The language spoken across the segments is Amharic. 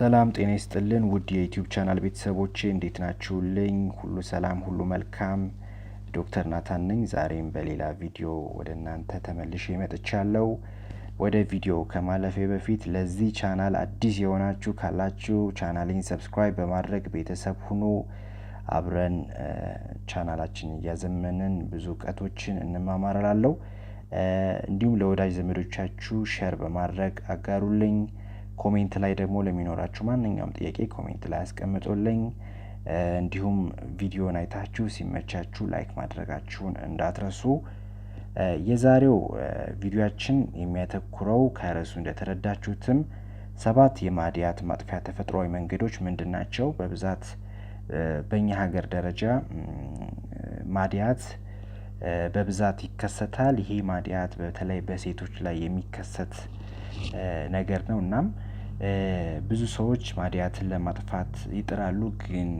ሰላም ጤና ይስጥልን ውድ የዩቲዩብ ቻናል ቤተሰቦቼ እንዴት ናችሁልኝ? ሁሉ ሰላም፣ ሁሉ መልካም። ዶክተር ናታን ነኝ። ዛሬም በሌላ ቪዲዮ ወደ እናንተ ተመልሼ መጥቻለሁ። ወደ ቪዲዮ ከማለፌ በፊት ለዚህ ቻናል አዲስ የሆናችሁ ካላችሁ ቻናሌን ሰብስክራይብ በማድረግ ቤተሰብ ሁኑ። አብረን ቻናላችን እያዘመንን ብዙ እውቀቶችን እንማማራላለው። እንዲሁም ለወዳጅ ዘመዶቻችሁ ሸር በማድረግ አጋሩልኝ። ኮሜንት ላይ ደግሞ ለሚኖራችሁ ማንኛውም ጥያቄ ኮሜንት ላይ አስቀምጦልኝ እንዲሁም ቪዲዮን አይታችሁ ሲመቻችሁ ላይክ ማድረጋችሁን እንዳትረሱ። የዛሬው ቪዲዮችን የሚያተኩረው ከርዕሱ እንደተረዳችሁትም ሰባት የማዲያት ማጥፊያ ተፈጥሯዊ መንገዶች ምንድን ናቸው? በብዛት በእኛ ሀገር ደረጃ ማዲያት በብዛት ይከሰታል። ይሄ ማዲያት በተለይ በሴቶች ላይ የሚከሰት ነገር ነው። እናም ብዙ ሰዎች ማድያትን ለማጥፋት ይጥራሉ ግን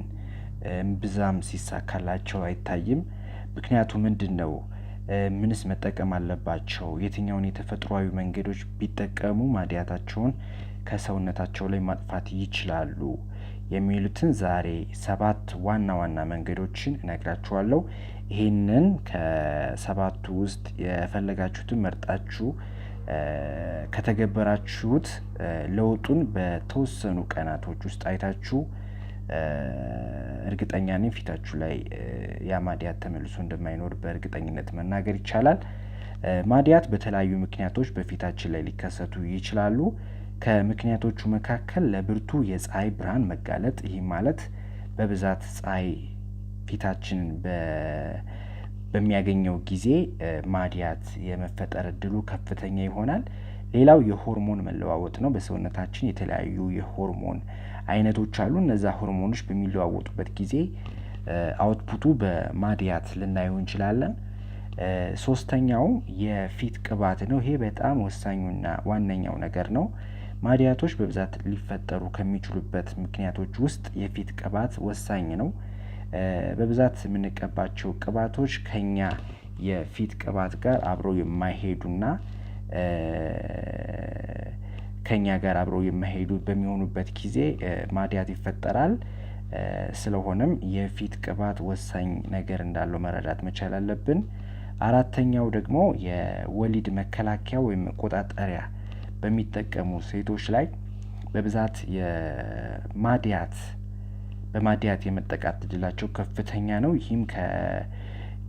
እምብዛም ሲሳካላቸው አይታይም። ምክንያቱ ምንድነው? ምንስ መጠቀም አለባቸው? የትኛውን የተፈጥሯዊ መንገዶች ቢጠቀሙ ማድያታቸውን ከሰውነታቸው ላይ ማጥፋት ይችላሉ? የሚሉትን ዛሬ ሰባት ዋና ዋና መንገዶችን እነግራችኋለሁ። ይህንን ከሰባቱ ውስጥ የፈለጋችሁትን መርጣችሁ ከተገበራችሁት ለውጡን በተወሰኑ ቀናቶች ውስጥ አይታችሁ እርግጠኛ ነኝ ፊታችሁ ላይ ያ ማዲያት ተመልሶ እንደማይኖር በእርግጠኝነት መናገር ይቻላል። ማዲያት በተለያዩ ምክንያቶች በፊታችን ላይ ሊከሰቱ ይችላሉ። ከምክንያቶቹ መካከል ለብርቱ የፀሐይ ብርሃን መጋለጥ፣ ይህ ማለት በብዛት ፀሐይ ፊታችንን በሚያገኘው ጊዜ ማዲያት የመፈጠር እድሉ ከፍተኛ ይሆናል። ሌላው የሆርሞን መለዋወጥ ነው። በሰውነታችን የተለያዩ የሆርሞን አይነቶች አሉ። እነዛ ሆርሞኖች በሚለዋወጡበት ጊዜ አውትፑቱ በማዲያት ልናየው እንችላለን። ሶስተኛው የፊት ቅባት ነው። ይሄ በጣም ወሳኙና ዋነኛው ነገር ነው። ማዲያቶች በብዛት ሊፈጠሩ ከሚችሉበት ምክንያቶች ውስጥ የፊት ቅባት ወሳኝ ነው። በብዛት የምንቀባቸው ቅባቶች ከኛ የፊት ቅባት ጋር አብረው የማይሄዱና ከኛ ጋር አብረው የማይሄዱ በሚሆኑበት ጊዜ ማድያት ይፈጠራል። ስለሆነም የፊት ቅባት ወሳኝ ነገር እንዳለው መረዳት መቻል አለብን። አራተኛው ደግሞ የወሊድ መከላከያ ወይም መቆጣጠሪያ በሚጠቀሙ ሴቶች ላይ በብዛት የማድያት በማዲያት የመጠቃት እድላቸው ከፍተኛ ነው። ይህም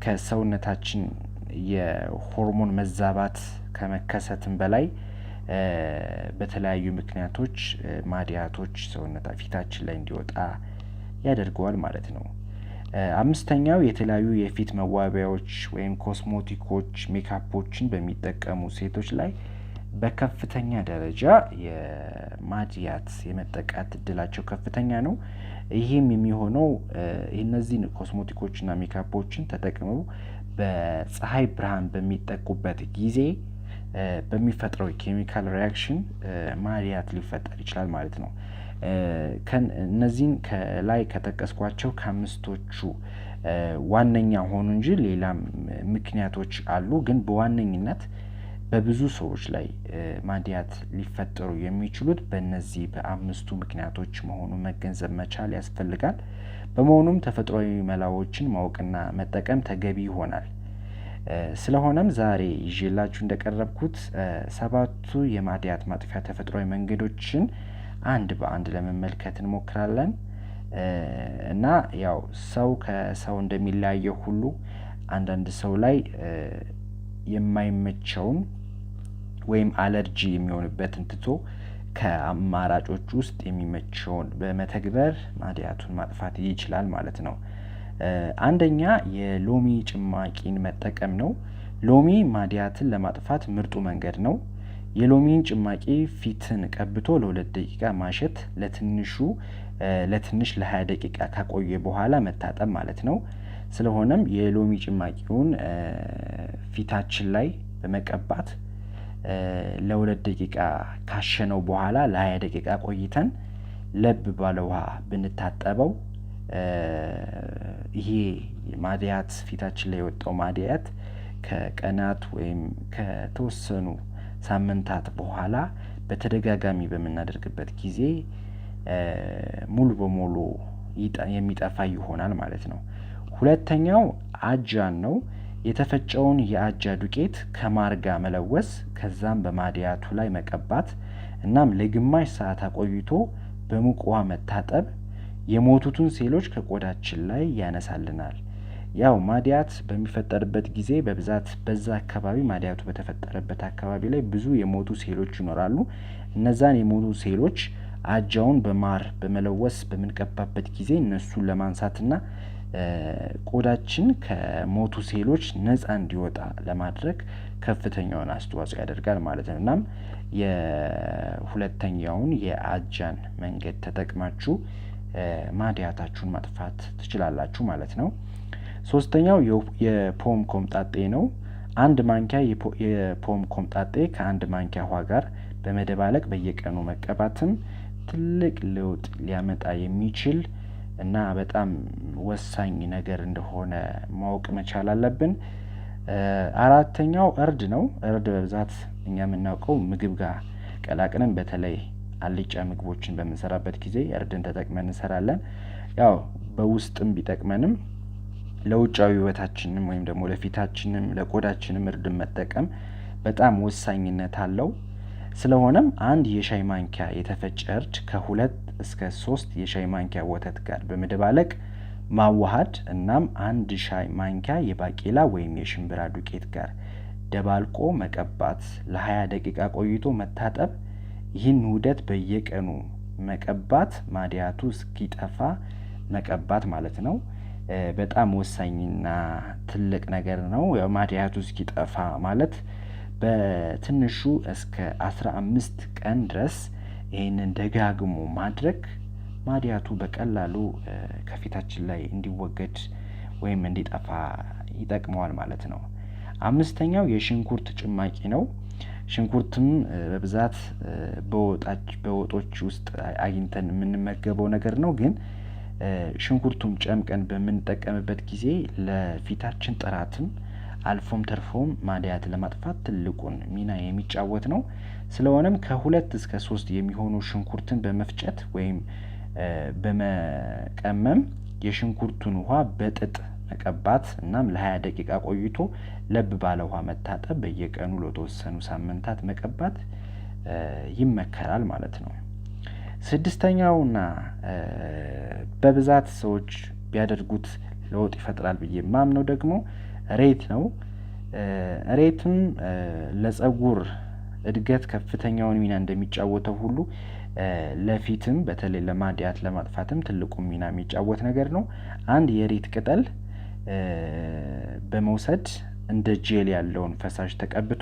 ከሰውነታችን የሆርሞን መዛባት ከመከሰትም በላይ በተለያዩ ምክንያቶች ማዲያቶች ሰውነታ ፊታችን ላይ እንዲወጣ ያደርገዋል ማለት ነው። አምስተኛው የተለያዩ የፊት መዋቢያዎች ወይም ኮስሞቲኮች ሜካፖችን በሚጠቀሙ ሴቶች ላይ በከፍተኛ ደረጃ የማድያት የመጠቃት እድላቸው ከፍተኛ ነው። ይህም የሚሆነው እነዚህን ኮስሞቲኮችና ሜካፖችን ተጠቅመው በፀሐይ ብርሃን በሚጠቁበት ጊዜ በሚፈጥረው ኬሚካል ሪያክሽን ማድያት ሊፈጠር ይችላል ማለት ነው። እነዚህን ከላይ ከጠቀስኳቸው ከአምስቶቹ ዋነኛ ሆኑ እንጂ ሌላም ምክንያቶች አሉ፣ ግን በዋነኝነት በብዙ ሰዎች ላይ ማዲያት ሊፈጠሩ የሚችሉት በእነዚህ በአምስቱ ምክንያቶች መሆኑን መገንዘብ መቻል ያስፈልጋል። በመሆኑም ተፈጥሯዊ መላዎችን ማወቅና መጠቀም ተገቢ ይሆናል። ስለሆነም ዛሬ ይዤላችሁ እንደቀረብኩት ሰባቱ የማዲያት ማጥፊያ ተፈጥሯዊ መንገዶችን አንድ በአንድ ለመመልከት እንሞክራለን እና ያው ሰው ከሰው እንደሚለያየው ሁሉ አንዳንድ ሰው ላይ የማይመቸውን ወይም አለርጂ የሚሆንበትን ትቶ ከአማራጮች ውስጥ የሚመቸውን በመተግበር ማድያቱን ማጥፋት ይችላል ማለት ነው። አንደኛ የሎሚ ጭማቂን መጠቀም ነው። ሎሚ ማድያትን ለማጥፋት ምርጡ መንገድ ነው። የሎሚን ጭማቂ ፊትን ቀብቶ ለሁለት ደቂቃ ማሸት፣ ለትንሹ ለትንሽ ለ20 ደቂቃ ካቆየ በኋላ መታጠብ ማለት ነው። ስለሆነም የሎሚ ጭማቂውን ፊታችን ላይ በመቀባት ለሁለት ደቂቃ ካሸነው በኋላ ለሀያ ደቂቃ ቆይተን ለብ ባለ ውሃ ብንታጠበው ይሄ ማድያት ፊታችን ላይ የወጣው ማድያት ከቀናት ወይም ከተወሰኑ ሳምንታት በኋላ በተደጋጋሚ በምናደርግበት ጊዜ ሙሉ በሙሉ የሚጠፋ ይሆናል ማለት ነው። ሁለተኛው አጃን ነው። የተፈጨውን የአጃ ዱቄት ከማር ጋር መለወስ ከዛም በማድያቱ ላይ መቀባት እናም ለግማሽ ሰዓት አቆይቶ በሙቅ ውሃ መታጠብ የሞቱትን ሴሎች ከቆዳችን ላይ ያነሳልናል። ያው ማድያት በሚፈጠርበት ጊዜ በብዛት በዛ አካባቢ ማድያቱ በተፈጠረበት አካባቢ ላይ ብዙ የሞቱ ሴሎች ይኖራሉ። እነዛን የሞቱ ሴሎች አጃውን በማር በመለወስ በምንቀባበት ጊዜ እነሱን ለማንሳትና ቆዳችን ከሞቱ ሴሎች ነፃ እንዲወጣ ለማድረግ ከፍተኛውን አስተዋጽኦ ያደርጋል ማለት ነው። እናም የሁለተኛውን የአጃን መንገድ ተጠቅማችሁ ማድያታችሁን ማጥፋት ትችላላችሁ ማለት ነው። ሶስተኛው የፖም ኮምጣጤ ነው። አንድ ማንኪያ የፖም ኮምጣጤ ከአንድ ማንኪያ ውሃ ጋር በመደባለቅ በየቀኑ መቀባትም ትልቅ ለውጥ ሊያመጣ የሚችል እና በጣም ወሳኝ ነገር እንደሆነ ማወቅ መቻል አለብን። አራተኛው እርድ ነው። እርድ በብዛት እኛ የምናውቀው ምግብ ጋር ቀላቅለን በተለይ አልጫ ምግቦችን በምንሰራበት ጊዜ እርድን ተጠቅመን እንሰራለን። ያው በውስጥም ቢጠቅመንም ለውጫዊ ውበታችንም ወይም ደግሞ ለፊታችንም ለቆዳችንም እርድን መጠቀም በጣም ወሳኝነት አለው። ስለሆነም አንድ የሻይ ማንኪያ የተፈጨ እርድ ከሁለት እስከ ሶስት የሻይ ማንኪያ ወተት ጋር በመደባለቅ ማዋሃድ እናም አንድ ሻይ ማንኪያ የባቄላ ወይም የሽምብራ ዱቄት ጋር ደባልቆ መቀባት፣ ለ20 ደቂቃ ቆይቶ መታጠብ። ይህን ውህደት በየቀኑ መቀባት ማዲያቱ እስኪጠፋ መቀባት ማለት ነው። በጣም ወሳኝና ትልቅ ነገር ነው። ማዲያቱ እስኪጠፋ ማለት በትንሹ እስከ 15 ቀን ድረስ ይህንን ደጋግሞ ማድረግ ማዲያቱ በቀላሉ ከፊታችን ላይ እንዲወገድ ወይም እንዲጠፋ ይጠቅመዋል ማለት ነው። አምስተኛው የሽንኩርት ጭማቂ ነው። ሽንኩርትም በብዛት በወጦች ውስጥ አግኝተን የምንመገበው ነገር ነው። ግን ሽንኩርቱም ጨምቀን በምንጠቀምበት ጊዜ ለፊታችን ጥራትም አልፎም ተርፎም ማዲያት ለማጥፋት ትልቁን ሚና የሚጫወት ነው። ስለሆነም ከሁለት እስከ ሶስት የሚሆኑ ሽንኩርትን በመፍጨት ወይም በመቀመም የሽንኩርቱን ውሃ በጥጥ መቀባት እናም ለ20 ደቂቃ ቆይቶ ለብ ባለ ውሃ መታጠብ፣ በየቀኑ ለተወሰኑ ሳምንታት መቀባት ይመከራል ማለት ነው። ስድስተኛውና በብዛት ሰዎች ቢያደርጉት ለውጥ ይፈጥራል ብዬ ማምነው ደግሞ ሬት ነው። ሬትም ለጸጉር እድገት ከፍተኛውን ሚና እንደሚጫወተው ሁሉ ለፊትም በተለይ ለማድያት ለማጥፋትም ትልቁ ሚና የሚጫወት ነገር ነው። አንድ የሬት ቅጠል በመውሰድ እንደ ጄል ያለውን ፈሳሽ ተቀብቶ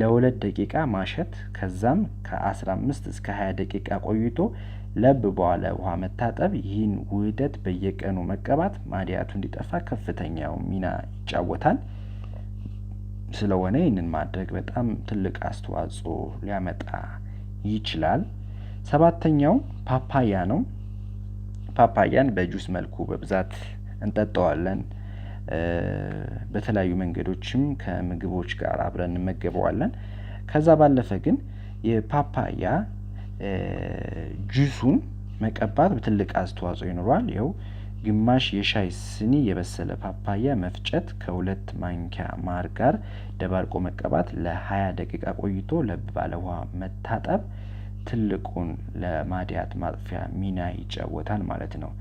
ለሁለት ደቂቃ ማሸት ከዛም ከ15 እስከ 20 ደቂቃ ቆይቶ ለብ በኋላ ውሃ መታጠብ፣ ይህን ውህደት በየቀኑ መቀባት ማዲያቱ እንዲጠፋ ከፍተኛው ሚና ይጫወታል። ስለሆነ ይህንን ማድረግ በጣም ትልቅ አስተዋጽኦ ሊያመጣ ይችላል። ሰባተኛው ፓፓያ ነው። ፓፓያን በጁስ መልኩ በብዛት እንጠጠዋለን። በተለያዩ መንገዶችም ከምግቦች ጋር አብረን እንመገበዋለን። ከዛ ባለፈ ግን የፓፓያ ጁሱን መቀባት በትልቅ አስተዋጽኦ ይኖረዋል። ይኸው ግማሽ የሻይ ስኒ የበሰለ ፓፓያ መፍጨት ከሁለት ማንኪያ ማር ጋር ደባርቆ መቀባት፣ ለ20 ደቂቃ ቆይቶ ለብ ባለ ውሃ መታጠብ ትልቁን ለማድያት ማጥፊያ ሚና ይጫወታል ማለት ነው።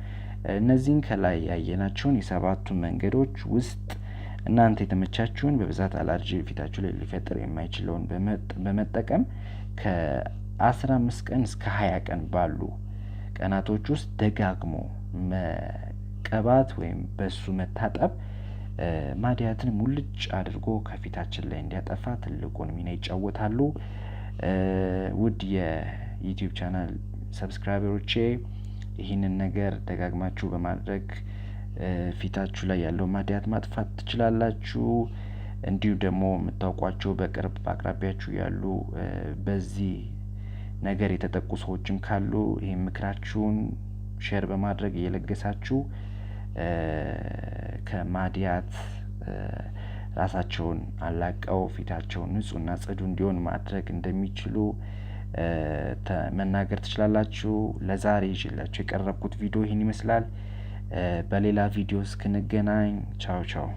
እነዚህን ከላይ ያየናቸውን የሰባቱ መንገዶች ውስጥ እናንተ የተመቻችሁን በብዛት አላርጂ ፊታችሁ ላይ ሊፈጥር የማይችለውን በመጠቀም ከ 15 ቀን እስከ 20 ቀን ባሉ ቀናቶች ውስጥ ደጋግሞ መቀባት ወይም በሱ መታጠብ ማዲያትን ሙልጭ አድርጎ ከፊታችን ላይ እንዲያጠፋ ትልቁን ሚና ይጫወታሉ። ውድ የዩትብ ቻናል ሰብስክራይበሮቼ ይህንን ነገር ደጋግማችሁ በማድረግ ፊታችሁ ላይ ያለው ማዲያት ማጥፋት ትችላላችሁ። እንዲሁ ደግሞ የምታውቋቸው በቅርብ አቅራቢያችሁ ያሉ በዚህ ነገር የተጠቁ ሰዎችም ካሉ ይህ ምክራችሁን ሼር በማድረግ እየለገሳችሁ ከማዲያት ራሳቸውን አላቀው ፊታቸውን ንጹህና ጽዱ እንዲሆን ማድረግ እንደሚችሉ መናገር ትችላላችሁ። ለዛሬ ይችላቸው የቀረብኩት ቪዲዮ ይህን ይመስላል። በሌላ ቪዲዮ እስክንገናኝ ቻው ቻው።